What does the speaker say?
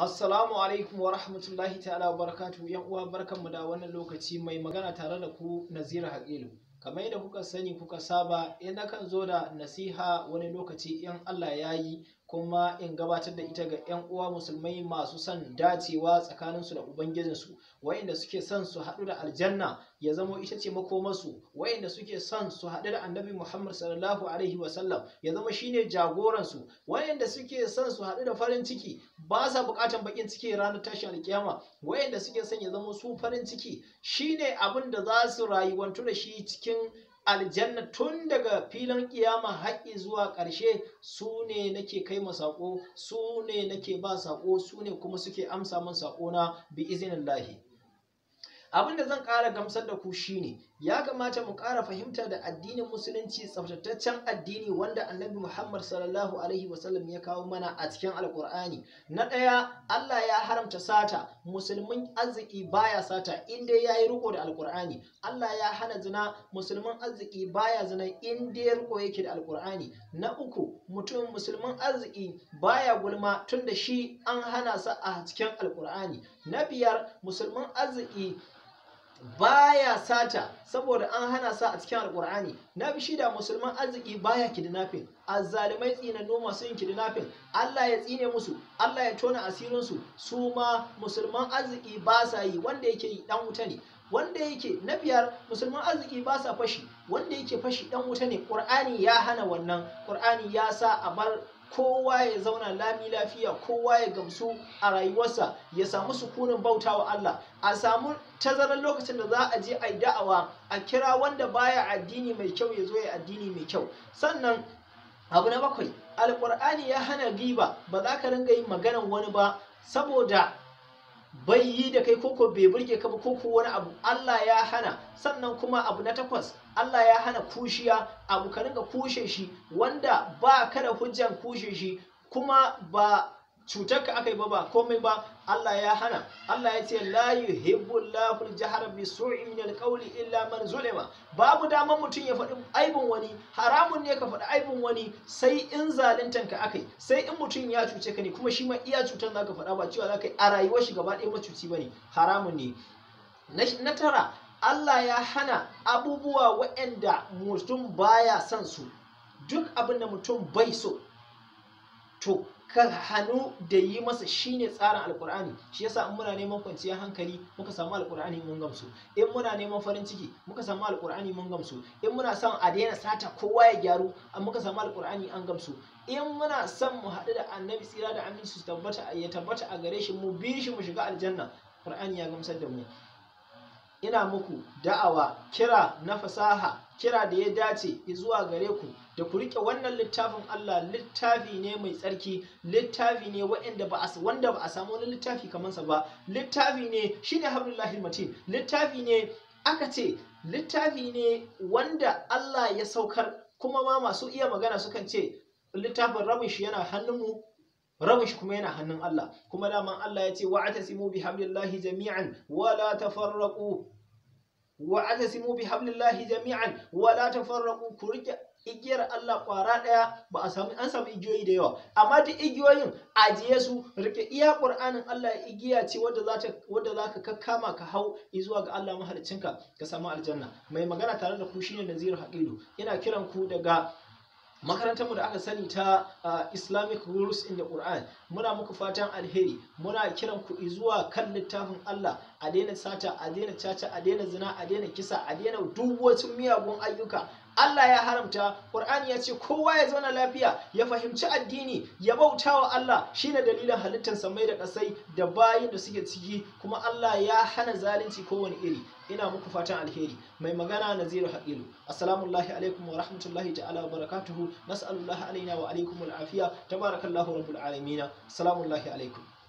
Assalamu alaikum wa rahmatullahi ta'ala wa barakatuhu yan uwa barkanmu da wannan lokaci mai magana tare da ku Nazira Hakilu. Kamar yadda kuka sani kuka saba in kan zo da nasiha wani lokaci in Allah ya yi kuma in gabatar da ita ga 'yan uwa musulmai masu son dacewa tsakaninsu da ubangijinsu Wayanda suke son su haɗu da aljanna ya zama ita ce makomarsu wa'inda suke son su haɗu da annabi muhammad sallallahu alaihi wasallam ya zama shine jagoransu Wayanda suke son su haɗu da farin ciki ba sa buƙatan bakin ciki ranar tashi alkiyama Wayanda suke son ya zama su farin ciki shine abin da za su rayuwantu da shi cikin aljanna tun daga filin kiyama haƙƙi zuwa ƙarshe su ne nake kai ma saƙo su ne nake ba saƙo su ne kuma suke amsa min na bi izinin lahi abin da zan ƙara gamsar da ku shine ya kamata mu ƙara fahimta da addinin musulunci tsaftataccen addini wanda annabi muhammad sallallahu alaihi wasallam ya kawo mana a cikin alkur'ani na ɗaya allah ya haramta sata musulmin arziki baya sata inda dai ya yi riko da alkur'ani allah ya hana zina musulmin arziki baya zina in dai riko yake da Alƙur'ani. na uku mutum musulmin arziki baya gulma tunda shi an hana sa a cikin alkur'ani na biyar musulmin arziki baya sata saboda an hana sa a cikin alkur'ani na bi shida musulman arziki baya kidnapping azzalimai tsinanno masu yin kidnapping Allah ya tsine musu Allah ya tona asirin su su ma musulman arziki ba sa yi wanda yake dan wuta ne wanda yake na biyar musulman arziki ba sa fashi wanda yake fashi dan wuta ne qur'ani ya hana wannan qur'ani ya sa a bar kowa ya zauna lami lafiya kowa ya gamsu a rayuwarsa ya samu sukunin bauta wa Allah a samu tazarar lokacin da za a je a yi da'awa a kira wanda baya addini mai kyau ya zo ya addini mai kyau sannan abu na bakwai alƙur'ani ya hana giba ba za ka ringa yin maganan wani ba saboda bai yi da kai koko bai burge ka ba koko wani abu Allah ya hana sannan kuma abu na takwas Allah ya hana kushiya abu ka ringa kushe shi wanda ba ka da hujjan kushe shi kuma ba cutar ka aka yi ba ba komai ba Allah ya hana Allah ya ce la yuhibbu Allahu al-jahra bi su'i min al-qawli illa man zulima babu daman mutum ya faɗi aibin wani haramun ne ka faɗi aibin wani sai in zalintan ka akai sai in mutum ya cuce ka ne kuma shi ma iya cutar zaka faɗa ba cewa zaka yi a rayuwar shi gaba ɗaya macuci bane haramun ne na tara Allah ya hana abubuwa waɗanda mutum baya son su duk abin da mutum bai so to ka hannu da yi masa shine tsarin alkur'ani shi yasa in muna neman kwanciyar hankali muka samu alkur'ani mun gamsu in muna neman farin ciki muka samu alkur'ani mun gamsu in muna son a daina sata kowa ya gyaru a muka samu alkur'ani an gamsu in muna son mu haɗu da annabi tsira da aminci ya tabbata a gare shi mu bi shi mu shiga aljanna qur'ani ya gamsar da mu ina muku da'awa kira na fasaha kira da ya dace zuwa gare ku da ku rike wannan littafin Allah littafi ne mai tsarki littafi ne wanda ba a wanda ba a samu wani littafi kamar sa ba littafi ne shine hablullahi matin littafi ne aka ce littafi ne wanda Allah ya saukar kuma ma masu iya magana sukan ce littafin rabin shi yana hannunmu rabin kuma yana hannun Allah kuma daman Allah ya ce wa'tasimu bihablillahi jami'an wa la tafarraqu wa'tasimu bihablillahi jami'an wa la tafarraqu ku rike igiyar Allah kwara daya ba a samu an samu igiyoyi da yawa amma duk igiyoyin ajiye su rike iya Qur'anin Allah igiya ce wadda za ta wadda zaka kakkama ka hau zuwa ga Allah mahalicinka ka samu aljanna mai magana tare da ku shine Nazir Haqilu ina kiran ku daga makarantar mu da aka sani ta islamic rules in the quran muna muku fatan alheri muna kiran ku zuwa kan littafin allah a daina sata a daina caca a daina zina a daina kisa a daina duk wasu miyagun ayyuka Allah ya haramta Qur'ani ya ce kowa ya zauna lafiya ya fahimci addini ya bauta wa Allah shine dalilin halittar samai da kasai da bayin da suke ciki kuma Allah ya hana zalunci kowane iri ina muku fatan alheri mai magana Naziru Hakilu assalamu alaikum wa rahmatullahi ta'ala wa barakatuhu nas'alullahi alaina wa alaikum afiya tabarakallahu rabbul alamin assalamu alaikum